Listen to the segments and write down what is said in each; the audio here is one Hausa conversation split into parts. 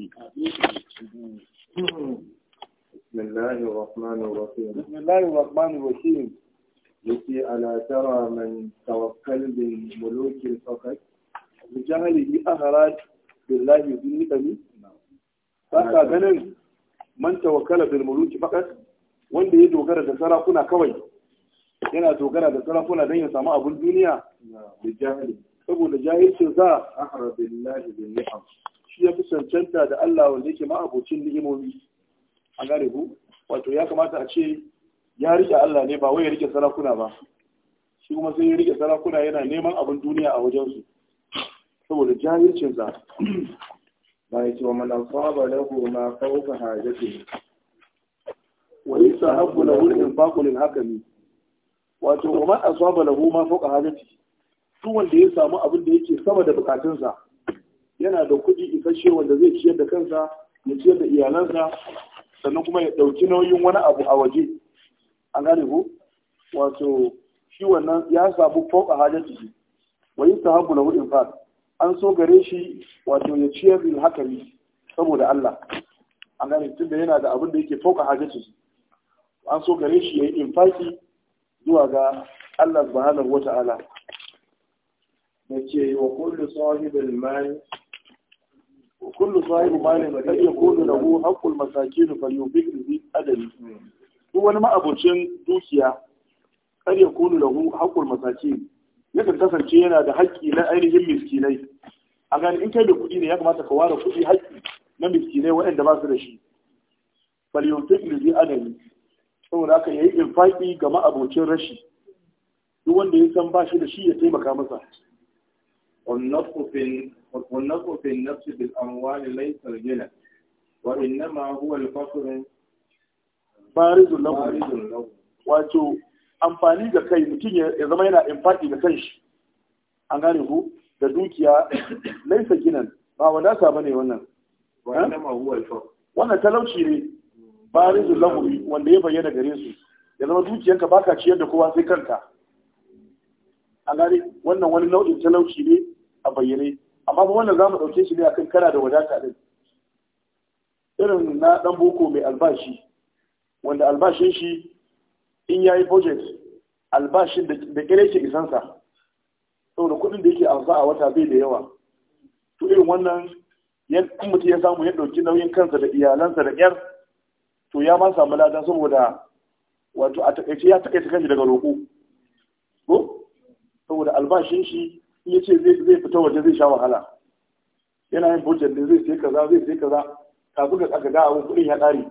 baki بسم الله الرحمن الرحيم بسم الله الرحمن الرحيم يتي ألا ترى من توكل بالملوك فقط بجهله أهرات بالله يذنبني فأكا غنن من توكل بالملوك فقط wanda ya dogara da sarakuna kawai yana dogara da sarakuna don ya samu abun duniya da jahili saboda jahilcin za a harabillahi bin ni'am shi ya fi cancanta da Allah wanda yake ma'abocin ni'imomi a gare hu, wato ya kamata a ce ya rike Allah ne ba wai ya rike sarakuna ba shi kuma sai ya rike sarakuna yana neman abin duniya a wajensu saboda jahilcin za ba ya ce wa man asaba lahu ma fawqa hajati wa yusahabu lahu al-infaqu lil hakami wato wa man asaba lahu ma fawqa hajati duk wanda ya samu abin da yake sama da bukatunsa yana da kuɗi isasshe wanda zai ciyar da kansa ya ciyar da iyalansa sannan kuma ya ɗauki nauyin wani abu a waje an gane ku wato shi wannan ya samu fauka hajar jiki wa yi ta na wurin infaq an so gare shi wato ya ciyar da hakari saboda Allah an gane tunda yana da abin da yake fauka hajar jiki an so gare shi ya yi infaki zuwa ga Allah subhanahu wata'ala. Mace wa kullu sahibul mal kullu sahibu malin kad yakunu lahu haqqul masakin falyubik bi adali duk wani ma'abucin dukiya kad yakunu lahu haqqul masakin yakan kasance yana da haƙƙi na ainihin miskinai a gani in kai da kuɗi ne ya kamata ka ware kuɗi haƙƙi na miskinai waɗanda ba su da shi falyubik bi adali saboda haka yayi infaki ga ma'abocin rashi duk wanda ya san ba shi da shi ya taimaka masa والنفع في النفس بالأموال ليس الغنى وإنما هو الفقر بارز له wato amfani ga kai mutum ya zama yana infaki ga kanshi an gane ku da dukiya laisa ginan ba wadata ba ne wannan wannan talauci ne ba rizun lahuri wanda ya bayyana gare su ya zama dukiyanka baka ciyar da kowa sai kanka an gane wannan wani nau'in talauci ne a bayyane amma ba wannan za mu ɗauke shi ne akan kara da wadata ɗin irin na ɗan boko mai albashi wanda albashin shi in ya yi budget albashin da ƙere ke isansa saboda kuɗin da yake amsa a wata bai da yawa to irin wannan yan mutum ya samu ya ɗauki nauyin kansa da iyalansa da ƴar to ya ma samu lada saboda wato a takaice ya takaita kanshi daga roƙo ko saboda albashin shi ya ce zai fita waje zai sha wahala yana yin budget ne zai sai kaza zai sai kaza kafin ka tsaka ga abin kuɗin ya ƙare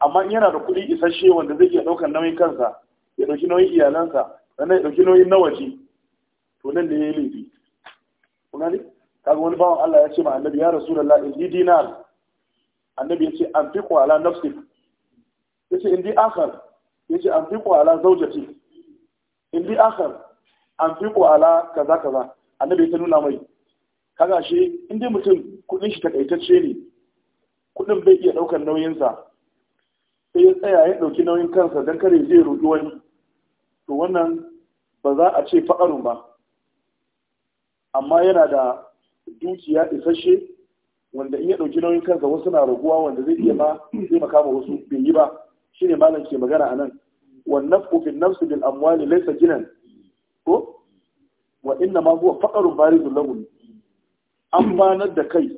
amma in yana da kuɗi isasshe wanda zai iya ɗaukar nauyin kansa ya ɗauki nauyin iyalansa sannan ya ɗauki nauyin na waje to nan da ya yi laifi kuna ne ga wani bawan Allah ya ce ma annabi ya rasulullah in di dinar annabi ya ce an fi kwala nafsik ya ce in di akhar ya ce an fi kwala zaujati in di akhar an fi kwala kaza kaza annabi ta nuna mai kaga shi in dai mutum kudin shi takaitacce ne kudin bai iya daukar nauyinsa sai ya tsaya ya dauki nauyin kansa don kare zai rudu wani to wannan ba za a ce fa'arun ba amma yana da dukiya isasshe wanda in ya dauki nauyin kansa wasu na raguwa wanda zai iya ba zai makama wasu bai yi ba shine malam ke magana anan wannan kofin nafsu bil amwali laysa jinan ko wa inna ma huwa faqarun barizun lahu an banar da kai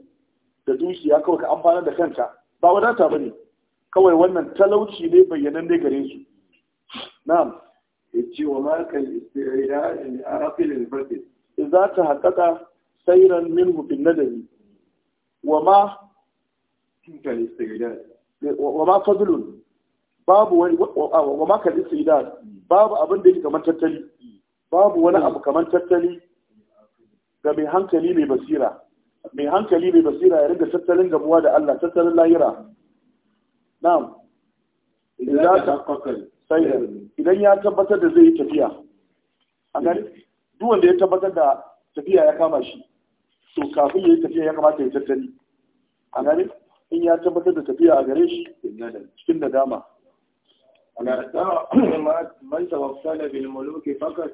da dukiya kawai ka an banar da kanka ba wadata bane kawai wannan talauci ne bayyanan ne gare su na'am yace wa ma kan istira'a in arafil al-fasid idza ta haqqaqa sayran minhu fil nadami wa ma kan babu wani wa ma kan istira'a babu abin da yake kamar tattali babu wani hmm. abu kamar tattali ga mai hankali mai basira mai hankali mai basira ya ringa tattalin gabuwa da Allah tattalin lahira na'am idan ya tabbatar da zai yi tafiya a gani hmm. duk wanda ya tabbatar da tafiya ya kama shi to kafin ya yi tafiya ya kamata ya tattali a gani in ya tabbatar da tafiya a gare shi cikin da dama da ta man tawaffala da bilmuluki fakas,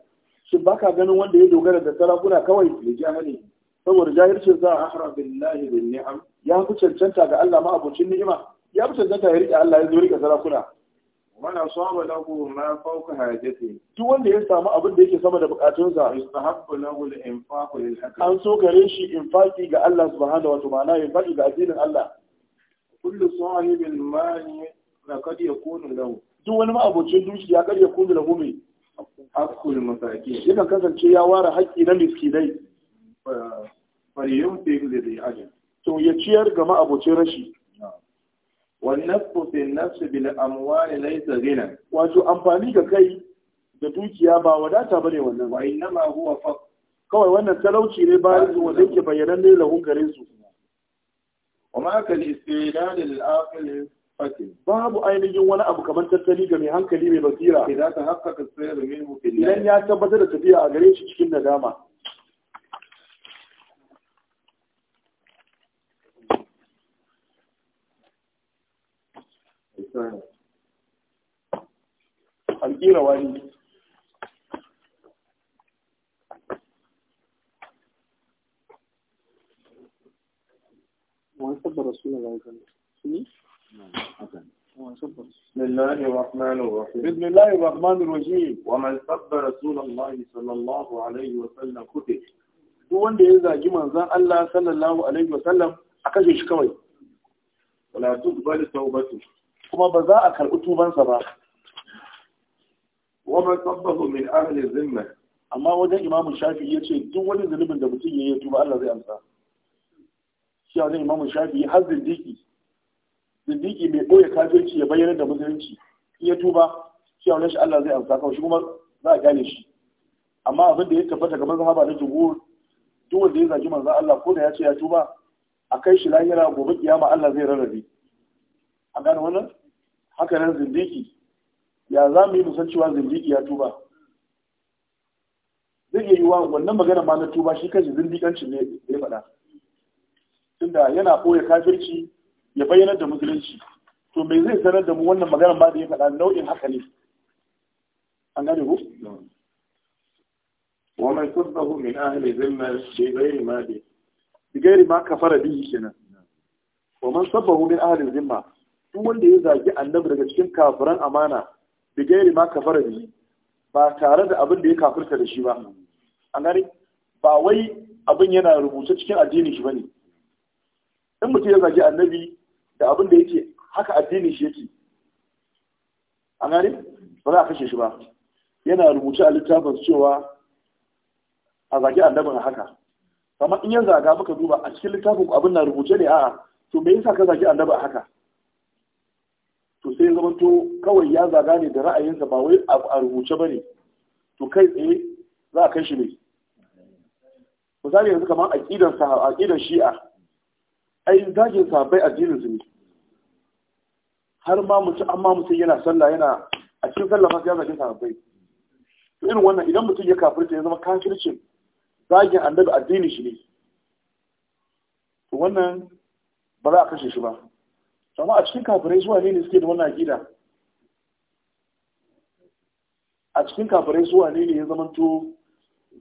shi baka ganin wanda ya dogara da sarakuna kawai ya jahili saboda jahilcin za a ahra billahi bin ni'am ya fi cancanta ga Allah ma abincin ni'ima ya fi cancanta ya rike Allah ya zo rike sarakuna wani asaba lahu ma fawqa hajati duk wanda ya samu abin da yake sama da bukatunsa yustahabbu lahu al-infaqu lil haqq an so gare shi infaqi ga Allah subhanahu wa ta'ala ya fadi ga addinin Allah kullu sahibil mali laqad yakunu lahu duk wani ma abocin dukiya kar ya kunu lahu mai haƙƙul masaki yana kasance ya ware haƙƙi na miskinai fariyun fi da zai ajin to ya ciyar ga ma'abocin rashi والنفس في النفس بالأموال ليس غنى wato amfani ga kai da dukiya ba wadata ba ne wannan wa innama huwa faq kawai wannan talauci ne ba zuwa wanda ke bayanan ne lahun garin su wa ma kal istidad al babu ainihin wani abu kamar tattali ga mai hankali mai basira idan ka haƙƙaƙa sayar minhu fil idan ya tabbatar da tafiya a gare shi cikin nadama alƙira wani wani sabbar rasulun ya gani بسم الله الرحمن الرحيم بسم الله الرحمن الرحيم ومن سب رسول الله صلى الله عليه وسلم كتب duk wanda ya zagi manzon Allah sallallahu alaihi wasallam a kashe shi kawai wala tuqbal tawbatu kuma ba za a karɓi tubansa ba wa man sabbahu min ahli zimma amma wajen imamu shafi ya ce duk wani zunubin da mutum ya yi tuba Allah zai amsa shi wajen imamu shafi har zindiki zindiki mai ɓoye kafirci ya bayyana da musulunci in ya tuba shi a shi Allah zai amsa kawai shi kuma za a gane shi amma abin da ya tabbata kamar zama ba na jumhur duk wanda ya zaji manzan Allah ko da ya ce ya tuba a kai shi lahira gobe kiyama Allah zai rarrabe a gane wannan haka nan zindiki ya za mu yi musan cewa zindiki ya tuba zai iya yiwuwa wannan magana ma na tuba shi kanshi zindikancin ne ya faɗa tunda yana ɓoye kafirci ya bayyana da musulunci to me zai sanar da mu wannan magana ba da ya faɗa nau'in haka ne an gane ku wa mai sabbahu min ahli zimma bi ghairi ma bi bi ghairi ma kafara bihi kenan wa man sabbahu min ahli zimma duk wanda ya zagi annabi daga cikin kafiran amana bi ghairi ma kafara bihi ba tare da abin da ya kafirta da shi ba an gane ba wai abin yana rubuce cikin addini shi bane in mutum ya zagi annabi da abin da yake haka addinin shi yake a gane ba za a kashe shi ba yana rubuce a littafin cewa a zage annabin haka amma in yanzu zaga muka duba a cikin littafin abin na rubuce ne a'a to me yasa ka zage annabin haka to sai zama to kawai ya zaga ne da ra'ayinsa ba wai a rubuce ba ne to kai tsaye za a kai shi ne misali yanzu kamar aƙidan shi'a ayin zagin sabai addinin su ne har ma mutum amma mutum yana sallah yana a cikin sallah ma ya zagin sabai to irin wannan idan mutum ya kafirta ya zama kafircin zagin annabi addini shi ne to wannan ba za a kashe shi ba amma a cikin kafirai zuwa ne suke da wannan aqida a cikin kafirai zuwa ne ya zama to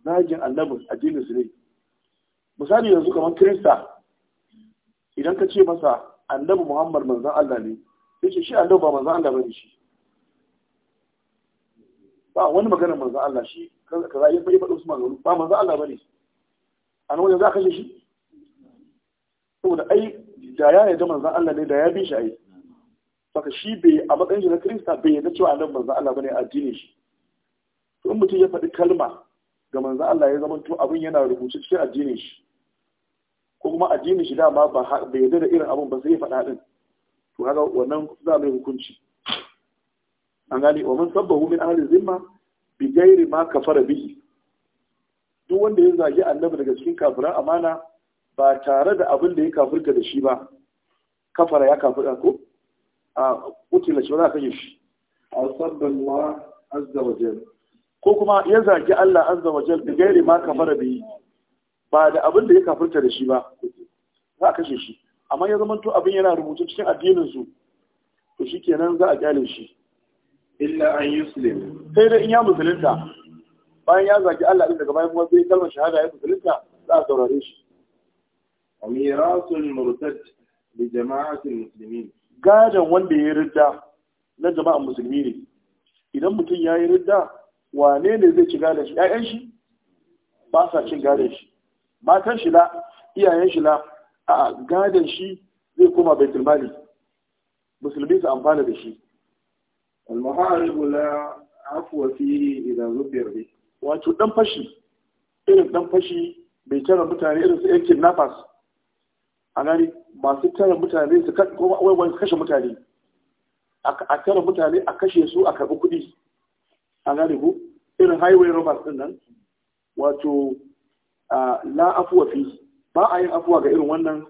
zagin annabi addinin su ne misali yanzu kamar kirista idan ka ce masa annabi muhammad manzan Allah ne sai ce shi annabi ba manzan Allah bane shi ba wani magana manzan Allah shi ka a yi bai faɗi Usman ba manzan Allah bane a nan wajen za a kashe shi saboda ai da ya yarda manzan Allah ne da ya bi shi ai saka shi bai a matsayin shi na Kirista bai yarda cewa annabi manzan Allah bane addinin shi to in mutum ya faɗi kalma ga manzan Allah ya zama to abin yana rubuce cikin addinin shi ko kuma addinin shi dama ba bai yarda da irin abun ba sai ya faɗa din to haka wannan za mai hukunci an gani wa man sabbahu min ahli zimma bi ghairi ma kafara bihi duk wanda ya zagi annabi daga cikin kafira amana ba tare da abin da ya kafirta da shi ba kafara ya kafira ko a kutila shi ba za ka yi shi a sabbin wa azza wa ko kuma ya zagi Allah azza wa jal da ma kafara bihi ba da abin da ya kafirta da shi ba za a kashe shi amma ya zama to abin yana rubutu cikin addinin su to shikenan za a kyale shi illa an yuslim sai da in ya musulunta bayan ya zaki Allah din daga bayan kuma sai kalmar shahada ya musulunta za a saurare shi amiratul murtad li jama'ati muslimin gadan wanda ya ridda na jama'a musulmi ne idan mutum ya yi ridda wane ne zai ci gadon shi ƴaƴan shi ba sa cin gadon shi matan shi la iyayen shi la a gadon shi zai koma baitul mali musulmi su amfana da shi al-muharibu la afwa fihi idan zubir bi wato dan fashi irin dan fashi bai tara mutane irin su yankin nafas a gani masu tara mutane su kashe mutane a tara mutane a kashe su a karɓi kuɗi a gane ku irin highway robbers din nan wato la afuwa fi ba a yin afuwa ga irin wannan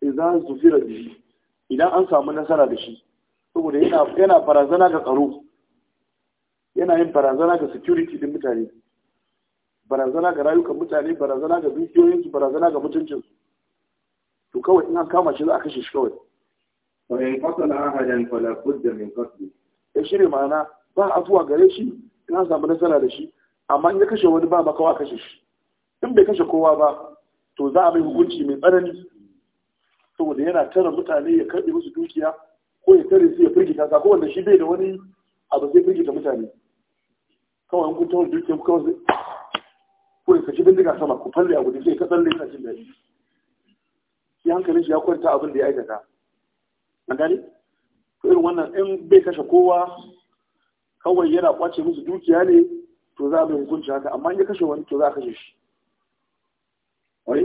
idza zufira shi idan an samu nasara da shi saboda yana barazana ga tsaro yana yin barazana ga security din mutane barazana ga rayukan mutane barazana ga dukiyoyinsu barazana ga mutuncinsu to kawai in an kama shi za a kashe shi kawai fa in na ahadan fala da min qatli ya shirya ma'ana ba a afuwa gare shi in an samu nasara da shi amma in ya kashe wani ba makawa kashe shi in bai kashe kowa ba to za a mai hukunci mai tsanani saboda yana tara mutane ya karbe musu dukiya ko ya tare su ya firgita sa wanda shi bai da wani abu zai firgita mutane kawai in kun tawar dukiyar ku kawai ko ka ci bindiga sama ku falle a gudu sai ka tsalle ka jin daɗi shi hankalin shi ya kwanta abin da ya aikata an gane to irin wannan in bai kashe kowa kawai yana kwace musu dukiya ne to za a mai hukunci haka amma in ya kashe wani to za a kashe shi in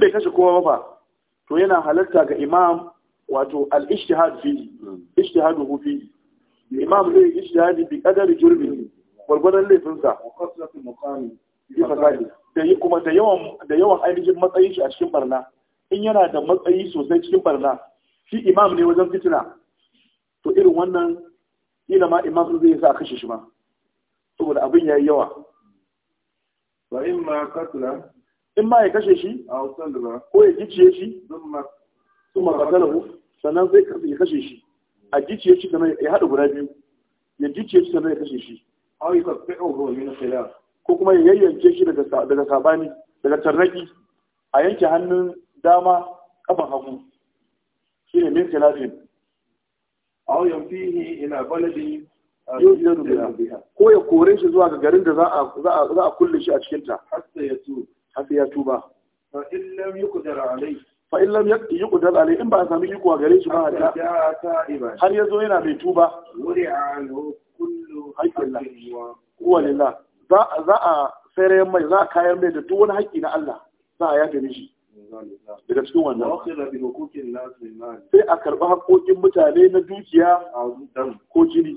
bai kashe kowa ba to yana halarta ga imam wato al ishtihad fi hu fi imam zai ishtihadi bi qadari jurbi gwargwadon laifinsa da kuma da yawan da yawan ainihin matsayin shi a cikin barna in yana da matsayi sosai cikin barna shi imam ne wajen fitina to irin wannan ila ma imam zai sa kashe shi ma saboda abin yayi yawa wa in ma katla in ma ya kashe shi a wasan ko ya gicciye shi kuma katalahu sannan zai ya kashe shi a gicciye shi kamar ya haɗa guda biyu ya gicciye shi sannan ya kashe shi A aw ya kafi'u min khilaf ko kuma ya yayyanke shi daga daga sabani daga tarraki a yanke hannun dama kafan hagu shine min khilafin aw yamfihi ila baladin ko ya kore shi zuwa ga garin da za a kulle shi a cikinta hasa ya tuba fa in lam yuqdar alai in ba a sami iko a gare shi ba hatta har ya zo yana mai tuba kuwa lillah za a fere mai za a kayan mai da duk wani haƙƙi na Allah za a yafe mishi daga cikin wannan sai a karɓi haƙoƙin mutane na dukiya ko jini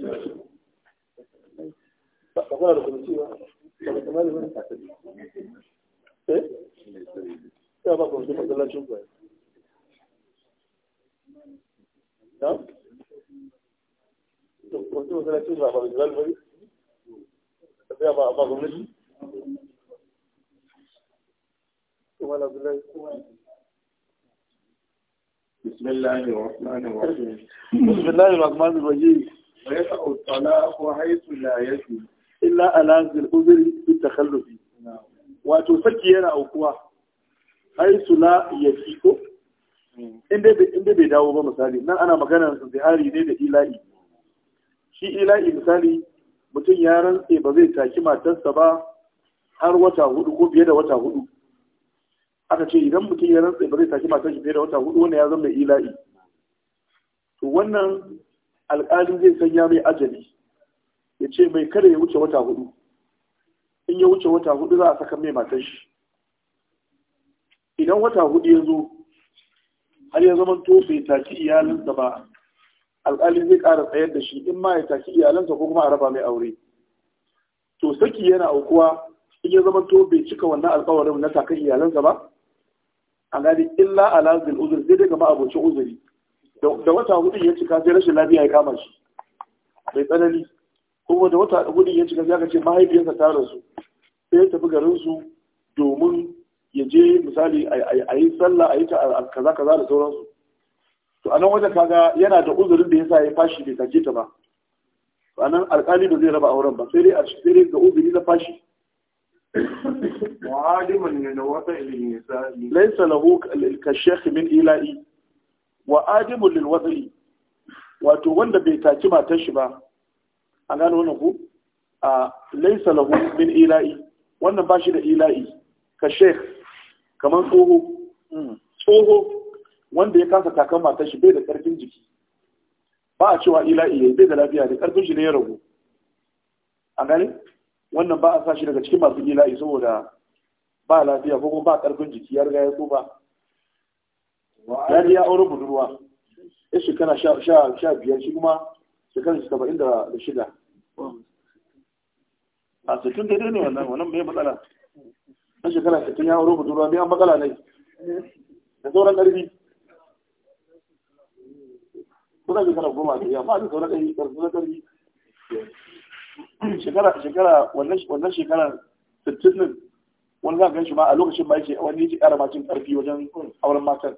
بسم الله الرحمن الرحيم بسم الله الرحمن الرحيم wa ya sa'u talaku haythu la yafi illa ala zil uzri bi takhallufi wato saki yana aukuwa haythu ya fi ko inda bai dawo ba misali nan ana maganar zihari ne da ila'i shi ila'i misali mutum ya rantse ba zai taki matarsa ba har wata hudu ko fiye da wata hudu aka ce idan mutum ya rantse ba zai taki matar shi fiye da wata hudu wanda ya zama ila'i to wannan alƙalin zai sanya mai ajali ya ce mai kada ya wuce wata hudu in ya wuce wata hudu za a saka mai matan shi idan wata hudu ya zo har ya zama to bai taki iyalinsa ba alƙalin zai ƙara tsayar da shi in ma ya taki iyalinsa ko kuma a raba mai aure to saki yana aukuwa in ya zama to bai cika wannan alƙawarin na takan iyalinsa ba a gani illa ala zil zai sai daga ma'abocin uzuri da wata hudu ya cika sai rashin lafiya ya kama shi Mai tsanani kuma da wata hudu ya cika sai aka ce mahaifiyarsa ta rasu sai ya tafi garin su domin ya je misali a yi sallah a yi ta kaza kaza da sauransu to a nan wajen kaga yana da uzurin da ya sa ya fashi bai sake ta ba a nan alkali ba zai raba auren ba sai dai a cikin dai ga uzuri na fashi mu'adiman ne na wata ilmi sa laisa lahu kashekh min ila'i wa adimul lil wazli wato wanda bai taki matar shi ba an gano wannan ku a laysa lahu min ila'i wannan ba shi da ila'i ka sheikh kamar tsoho hmm. tsoho wanda ya kasa takan matar shi bai da karfin jiki ba a cewa ila'i ya bai da lafiya da karfin shi ne ya ragu an gane wannan ba a sa shi daga cikin masu ila'i saboda ba lafiya ko kuma ba karfin jiki ya riga ya tsufa ya je ya aure budurwa ya shekara sha biyar shi kuma shekara saba'in da shida a cikin daidai ne wannan wannan bai matsala na shekara cikin ya aure budurwa bai an matsala ne da sauran ƙarfi kuna shekara goma da yawa ba da sauran ƙarfi ƙarfi ƙarfi shekara shekara wannan shekara sittin wani za a gan shi ma a lokacin ba yake wani yake ƙara macin ƙarfi wajen auren makar.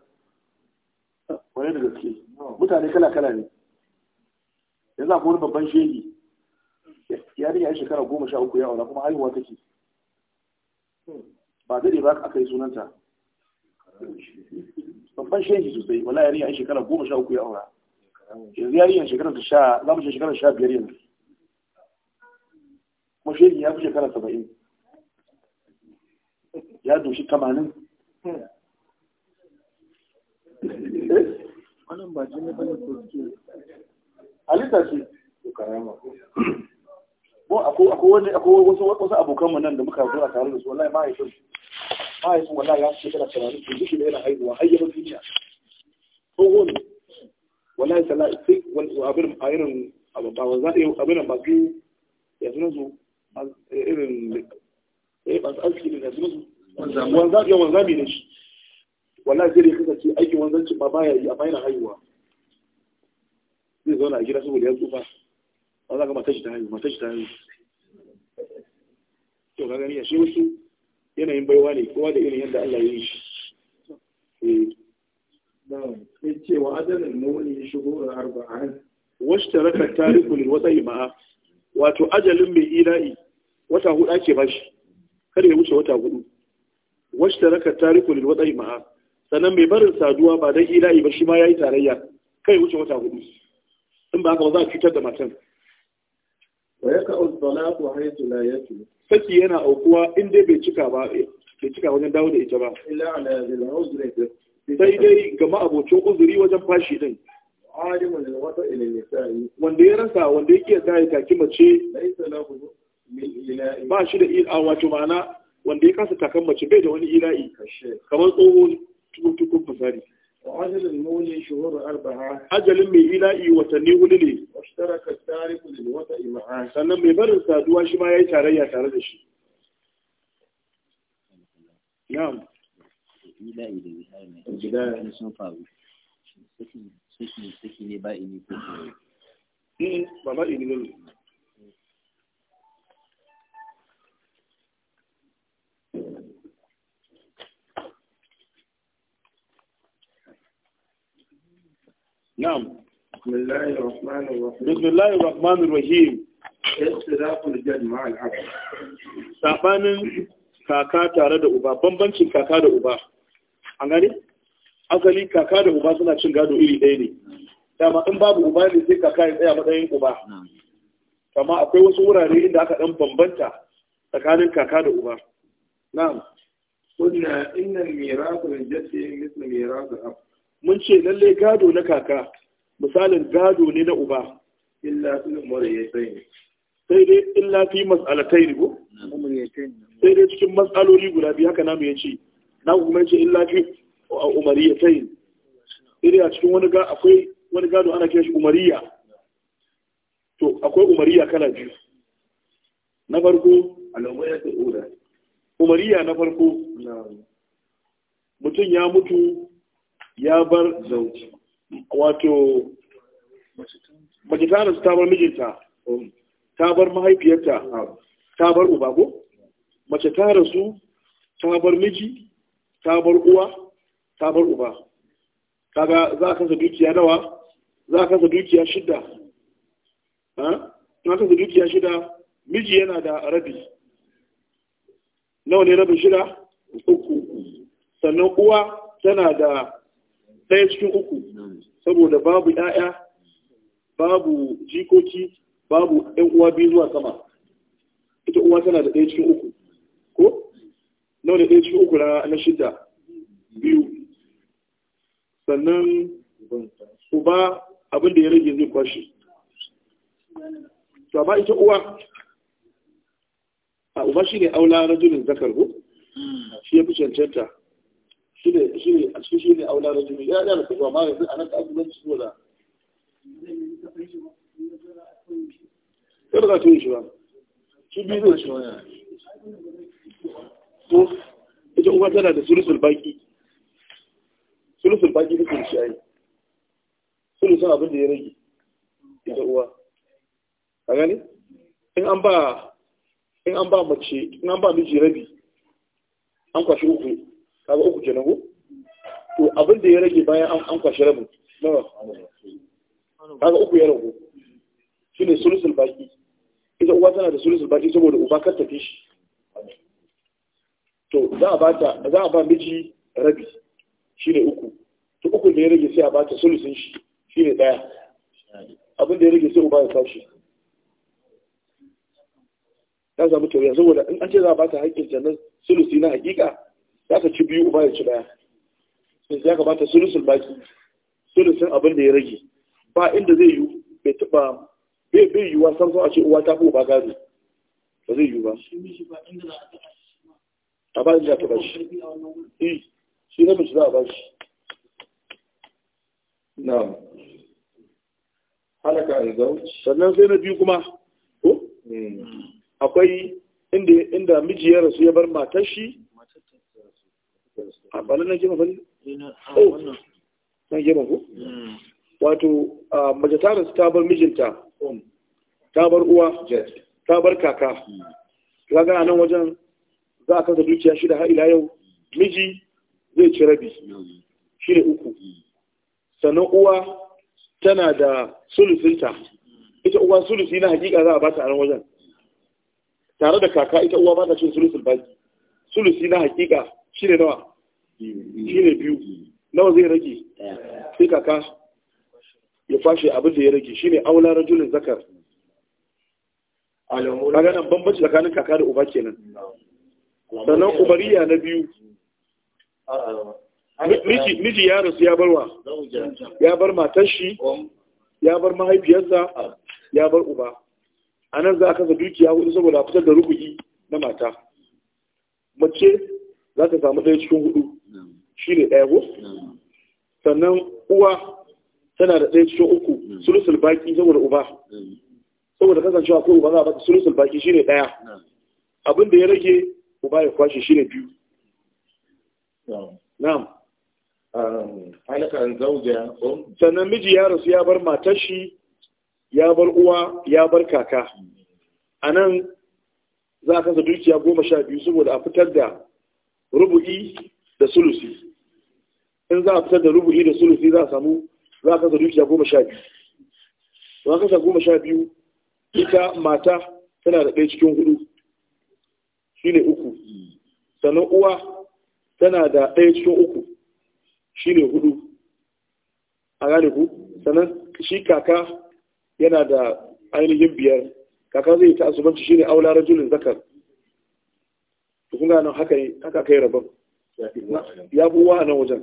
kwarai da gaske mutane kala kala ne yanzu akwai wani babban shegi ya riga ya shekara goma sha uku ya aura kuma haihuwa take ba dade ba aka yi sunanta babban shegi sosai wala ya riga ya shekara goma sha uku ya aura yanzu ya riga shekara sha za mu shi shekara sha biyar yanzu kuma shegi ya fi shekara saba'in ya doshi tamanin wannan ba halitta ce ko akwai wasu abokan nan da muka a tare da su wallahi mahaifin mahaifin wallahi ya duk da yana haihuwa har duniya wani wani abin a a yi abin ya su irin da eh, ya ne shi wallahi zai ya kasance aikin wanzancin ma baya yi amma yana haihuwa zai zauna a gida saboda ya tsufa ba za ka shi ta haihu shi ta haihu to ga gani shi wasu yanayin baiwa ne kowa da irin yadda Allah ya yi shi eh. sai cewa adalin mawani shigo da arba'an wasu tarakar tarihu lil wata ma'a wato ajalin mai ila'i wata hudu ake bashi kada ya wuce wata hudu wasu tarakar tarihu lil wata ma'a sannan mai barin saduwa ba don ila'i ba shi ma yayi tarayya kai wuce wata hudu in ba haka ba za a cutar da matan wa ko hanyar tula ya ce saki yana aukuwa in dai bai cika ba bai cika wajen dawo da ita ba ala sai dai ga ma'abocin uzuri wajen fashi din wanda ya rasa wanda yake da ya taki mace ba shi da ila'i wato ma'ana wanda ya kasa takan mace bai da wani ila'i kamar tsohon cikin buhari ajalin mawuni shuhuru arba'a ajalin mai ila'i watanni wuli ne wasu tare ku ne wata ima'a sannan mai barin saduwa shi ma ya yi tarayya tare da shi na'am ila'i da wutar mai gida ne sun faru saki ne ba ini ko ba ba ini ne na'am bismillahir rahmanir rahim bismillahir rahmanir rahim istiraful jad ma'al ab sabanin kaka tare da uba bambancin kaka da uba an gane asali kaka da uba suna cin gado iri ɗaya ne dama in babu uba ne sai kaka ya tsaya matsayin uba amma akwai wasu wurare inda aka dan bambanta tsakanin kaka da uba na'am kunna innal mirasul jaddi mithlu mirasul ab mun ce lalle gado na kaka misalin gado ne na uba illa fi umariyatayn sai dai illa fi mas'alatayn ko sai dai cikin mas'aloli guda biyu haka namu ce na kuma ce illa fi umariyatayn sai a cikin wani akwai wani gado ana kiran shi umariya to akwai umariya kala biyu na farko umariya na farko mutum ya mutu ya bar zauci wato mace ta rasu ta bar mijinta ta bar mahaifiyarta ta bar uba ko mace ta su ta bar miji ta bar uwa ta bar uba kaga za a kasa dukiya nawa za a kasa dukiya shida ha na kasa dukiya shida miji yana da rabi nawa ne rabin shida uku sannan uwa tana da ɗaya cikin uku saboda babu ‘ya'ya babu jikoki babu ‘yan uwa biyu zuwa sama ita uwa tana da ɗaya cikin uku ko nawa da ɗaya cikin uku na shida biyu sannan uba abin da ya rage zai kwashe to ba ita uwa a uba shi ne aula rajulin zakar ko shi ya fi cancanta shi ne a cikin shi ne aula da jini ya da kuma ma yanzu anan da abubuwan su da ya ka tuni shi ba shi bi zai shi wannan to ita uwa tana da sulusul baki sulusul baki take shi ai sulusun abin da ya rage ita uwa ka gani in an ba in an ba mace in an ba miji rabi an kwashi uku kaga uku kenan ko to abin da ya rage bayan an an kwashi rabin na kaga uku ya rago shine sulusul baki ita uwa tana da sulusul baki saboda uba kar ta shi to za a bata za a ba miji rabi shine uku to uku da ya rage sai a bata sulusun shi shine daya abin da ya rage sai uba ya tashi ta zama tauriya saboda in an ce za a bata haƙƙin jannan sulusi na hakika za ci biyu uba ya ci daya sai ka bata sulusul baki sulusun abin da ya rage ba inda zai yi bai taba bai bai yiwa san a ce uwa ta fi uba gado ba zai yi ba a ba inda ta bashi eh shi na mace za a bashi na halaka alzau sannan sai na biyu kuma ko hmm. akwai inda miji ya rasu ya bar matar shi a ba nan gefen fari nan gefen ku wato mace ta rasu ta bar mijinta ta bar uwa ta bar kaka hmm. kaga a nan wajen za a kasa dukiya shida har ila yau miji zai ci rabi shi da uku hmm. sannan uwa tana da sulusinta hmm. ita uwa sulusi na hakika za a ta a nan wajen tare da kaka ita uwa ba ta cin sulusul baki sulusi na hakika shi ne nawa shi ne biyu nawa zai rage sai kaka ya kwashe abin da ya rage shi ne aula rajulin zakar kaga nan bambanci tsakanin kaka da uba kenan sannan umariya na biyu miji ya rasu ya barwa ya bar matashi, ya bar mahaifiyarsa ya bar uba a nan za a kasa dukiya hudu saboda a fitar da rukuki na mata mace za ta samu ɗaya cikin hudu shi ne ɗaya ko sannan uwa tana da ɗaya cikin uku sulusul baki saboda uba saboda kasancewa ko uba za a baka sulusul baki shi ne ɗaya abin da ya rage uba ya kwashe shi ne biyu na'am halakan zauja sannan miji ya rasu ya bar matar shi ya bar uwa ya bar kaka a nan za a kasa dukiya goma sha biyu saboda a fitar da rubu'i da sulusi in za a fitar da rubu'i da sulusi za a samu za a kasa dukiya goma sha biyu za a kasa goma sha biyu ita mata tana da ɗaya cikin hudu shi ne uku sannan uwa tana da ɗaya cikin uku shi ne hudu a gane ku sannan shi kaka yana da ainihin biyar kaka zai ta asubanci shi ne aula rajulin zakar kun nan haka kai rabon ya buwa a nan wajen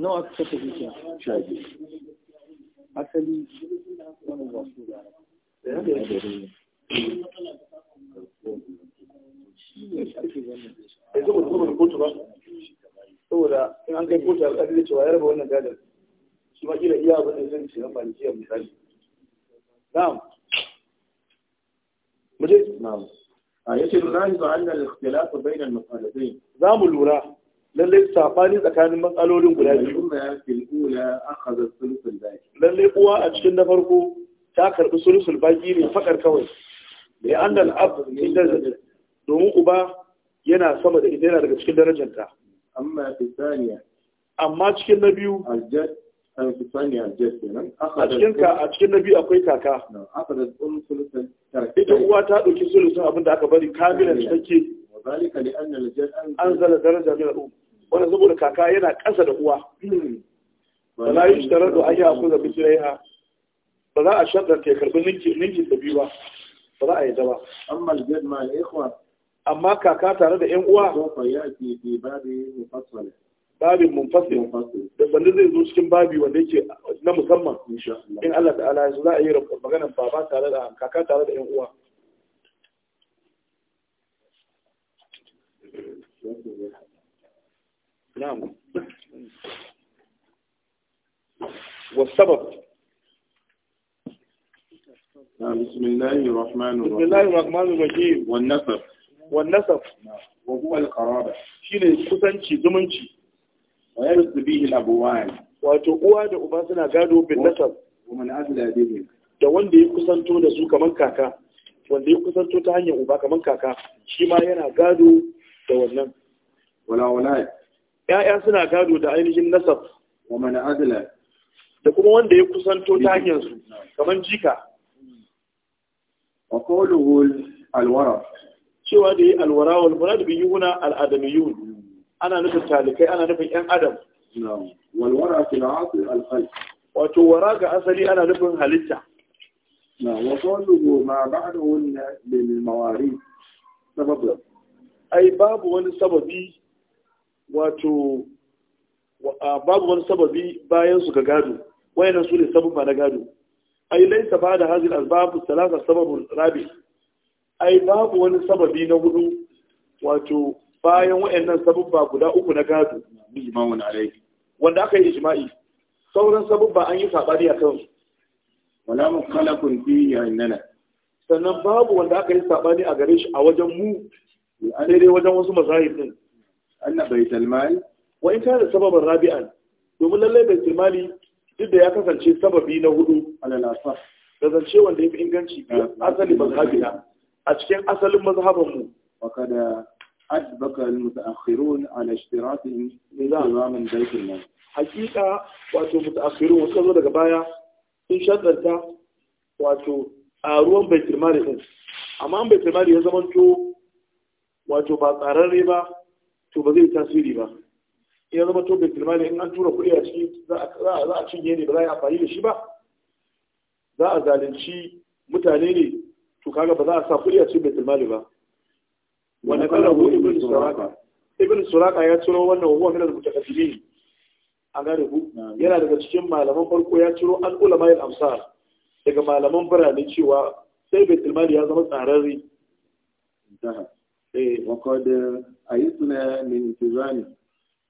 nawa suka tafi shi sha biyu asali wani ba da ya saboda kotu ba saboda in an kai kotu alƙali da cewa ya raba wannan gadar Su ma kila iya abin da zai ce na malikiya misali na'am muje na'am a ah, yace lura da ikhtilafu bainal muqallidin za mu lura lallai sabani tsakanin matsalolin guda biyu lallai uwa a cikin na farko ta karbi sulusul baki ne fakar kawai da annal ab domin uba yana sama da idan daga cikin darajarta amma amma cikin na biyu eh, a cikin ka a cikin na biyu akwai kaka ita uwa ta ɗauki sulusun abin da aka bari kamilan take an zala daraja min al'umma wannan saboda kaka yana ƙasa da uwa wala yi shitarar da ake haku da bikirai ha ba za a shaɗar ta karɓi ninkin da biyu ba ba za a yi ba amma albiyar ma ya ikwa amma kaka tare da yan uwa babin munfasil da sandu zai zo cikin babi wanda yake na musamman in Allah ta'ala ya za a yi maganar baba tare da kaka tare da yan uwa نعم والسبب بسم الله الرحمن الرحيم بسم الله الرحمن الرحيم والنسب والنسب وهو القرابة شين السسنشي زمنشي ويرث به الأبوان wato uwa da uba ومن أدلى به da wanda ya kusanto da su kamar kaka wanda ya kusanto ta hanyar uba kamar kaka shi ma yana gado da wannan wala wala ‘ya'ya suna gado da ainihin nasar. da kuma wanda ya kusanto ta hanyarsu kamar jika wa qawluhu alwara cewa da yi alwara wal murad bi yuna al adamiyun ana nufin talikai ana nufin ‘yan adam Walwara wara fil asl al wato wara ga asali ana nufin halitta na wa lugu ma ba ba'dahu lil mawari sabab ai babu wani sababi wato babu wani sababi bayan su ga gado wayannan su ne sabon ba na gado ai laisa ba da hazil asbabu salasa sababun rabi ai babu wani sababi na hudu wato bayan wayannan sabon ba guda uku na gado wanda aka yi ijma'i sauran sabon ba an yi sabari a kansu wala kun fi yannana sannan babu wanda aka yi sabani a gare shi a wajen mu a dai wajen wasu mazahibin anna bai mal wa in kana sababan rabi'an domin lallai bai mali duk da ya kasance sababi na hudu alal da zance wanda yafi inganci ga mazhabina a cikin asalin mazhaban mu وقد أسبق المتأخرون على اشتراطهم نظام بيت المال حقيقة واتو متأخرون وصلوا لك بايا إن شدرت واتو أروان بيت المال bai بيت المال يزمن تو واتو باطارر ba. to ba zai tasiri ba Ina ya zama to bai tilmani in an tura kuɗi a ciki za a cinye ne ba za a yi amfani da shi ba za a zalunci mutane ne to kaga ba za a sa kuɗi a cikin bai tilmani ba wanda kala hu ibn suraka ibn suraka ya ciro wannan huwa min al-mutakassimin A gane ku yana daga cikin malaman farko ya ciro al ulama al amsar daga malaman birane cewa sai bai tilmani ya zama tsararre eh a yi suna min tijani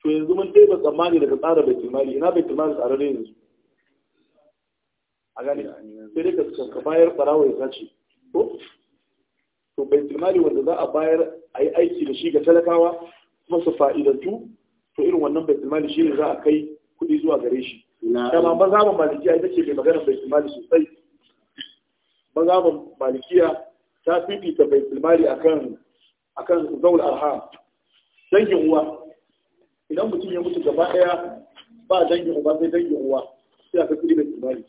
to yanzu mun dai ba tsammani daga tsara bai timali ina bai a tsararre yanzu a gani. sai dai ka bayar farawa ya tace ko to bai timali wanda za a bayar a yi aiki da shi ga talakawa kuma su fa'idantu to irin wannan bai timali shi ne za a kai kuɗi zuwa gare shi dama zaman malikiya ita ce mai magana bai timali sosai zaman malikiya ta fifita bai timali akan akan zaul arham dangin uwa idan mutum ya mutu gaba ɗaya ba dangin uwa sai dangin uwa sai aka kiri da kimani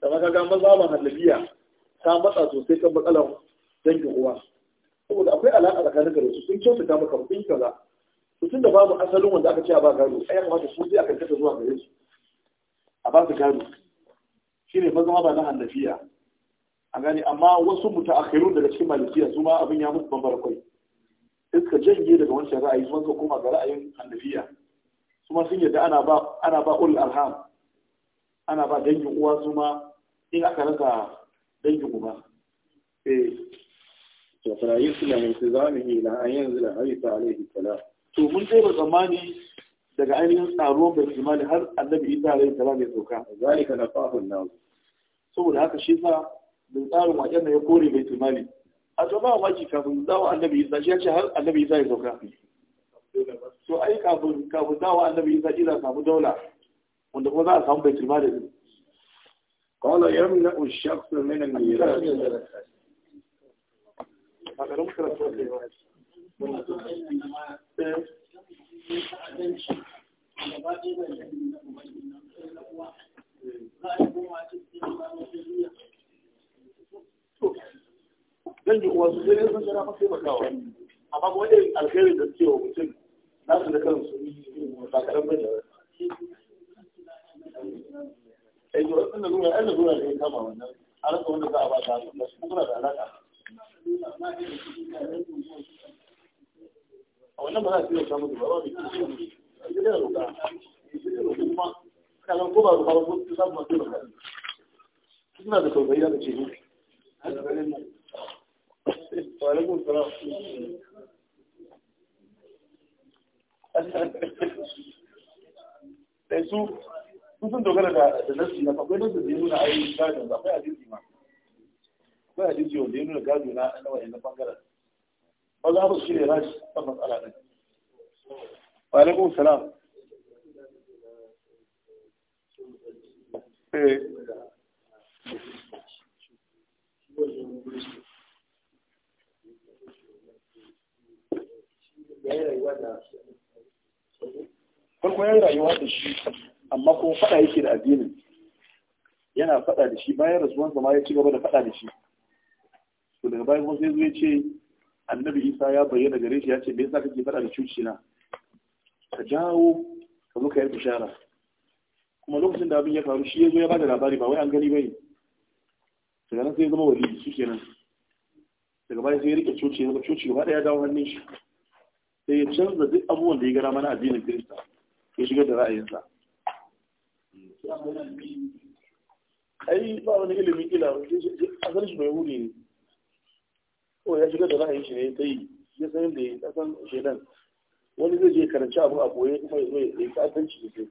da maka ga ba halabiya ta matsa sosai kan matsalar dangin uwa saboda akwai alaƙa tsakanin da su sun kyauta ta maka mutum kaza mutum da babu asalin wanda aka ce a ba gado a ya kamata su sai aka kasa zuwa gare su a ba su gado shine maza ba na halabiya a gane amma wasu a kairu daga cikin malikiya su ma abin ya musu bambara kwai iska janye daga wancan ra'ayi su ka koma ga ra'ayin hannafiya su ma sun yadda ana ba ul alham ana ba dangin uwa su ma in aka rasa dangin uba eh to fara yusla min tizamihi na an yanzila alaysa alayhi salam to mun dai ba zamani daga ainihin tsaro bai jimali har annabi isa alayhi salam ya sauka zalika na fahimta saboda haka shi sa da tsarin wajen da ya kore bai tumali a to ba maki kafin dawo annabi isa shi ya ce har annabi isa ya sauka to ai kafin kafin dawo annabi isa ila samu daula wanda kuma za a samu bai tumali din قال يمنع الشخص من الميراث zan ji uwa su zai sun gara masu taimakawa amma kuma irin alkhairin da suke wa mutum na su da kansu ba karan bane ai eh, to wannan lura ai da ne kama wannan a rasa wanda a ba ta su kuma da alaka a wannan ba za yi da ba ba kuma kalan ko ba ba samu masu suna da da ce ne وعليكم su sun dogara da na nasu nuna ayi ba hadisi ma hadisi wanda ya nuna na wa'in na bangaren ba za shi ne rashi matsala ɗin alaikum salam eh farko ya rayuwa da shi amma kuma fada yake da addinin yana fada da shi bayan rasuwan zama ya ci gaba da fada da shi to daga bayan kuma sai zuwa ce annabi isa ya bayyana gare shi ya ce me yasa kake fada da cuci na ka jawo ka zo ka yi bishara kuma lokacin da abin ya faru shi ya zo ya bada labari ba wai an gani bane daga nan sai ya zama wali shi kenan daga bayan sai ya rike coci ya coci gaba ɗaya ya dawo hannun shi sai ya canza duk abubuwan da ya gara mana addinin kirista ya shigar da ra'ayinsa ai ba wani ilimin ila asali shi mai wuri ne o ya shigar da ra'ayin shi ne ta yi ya san yadda ya san shaidan wani zai je karanci abu a boye kuma ya zo ya yi ta'addanci da sai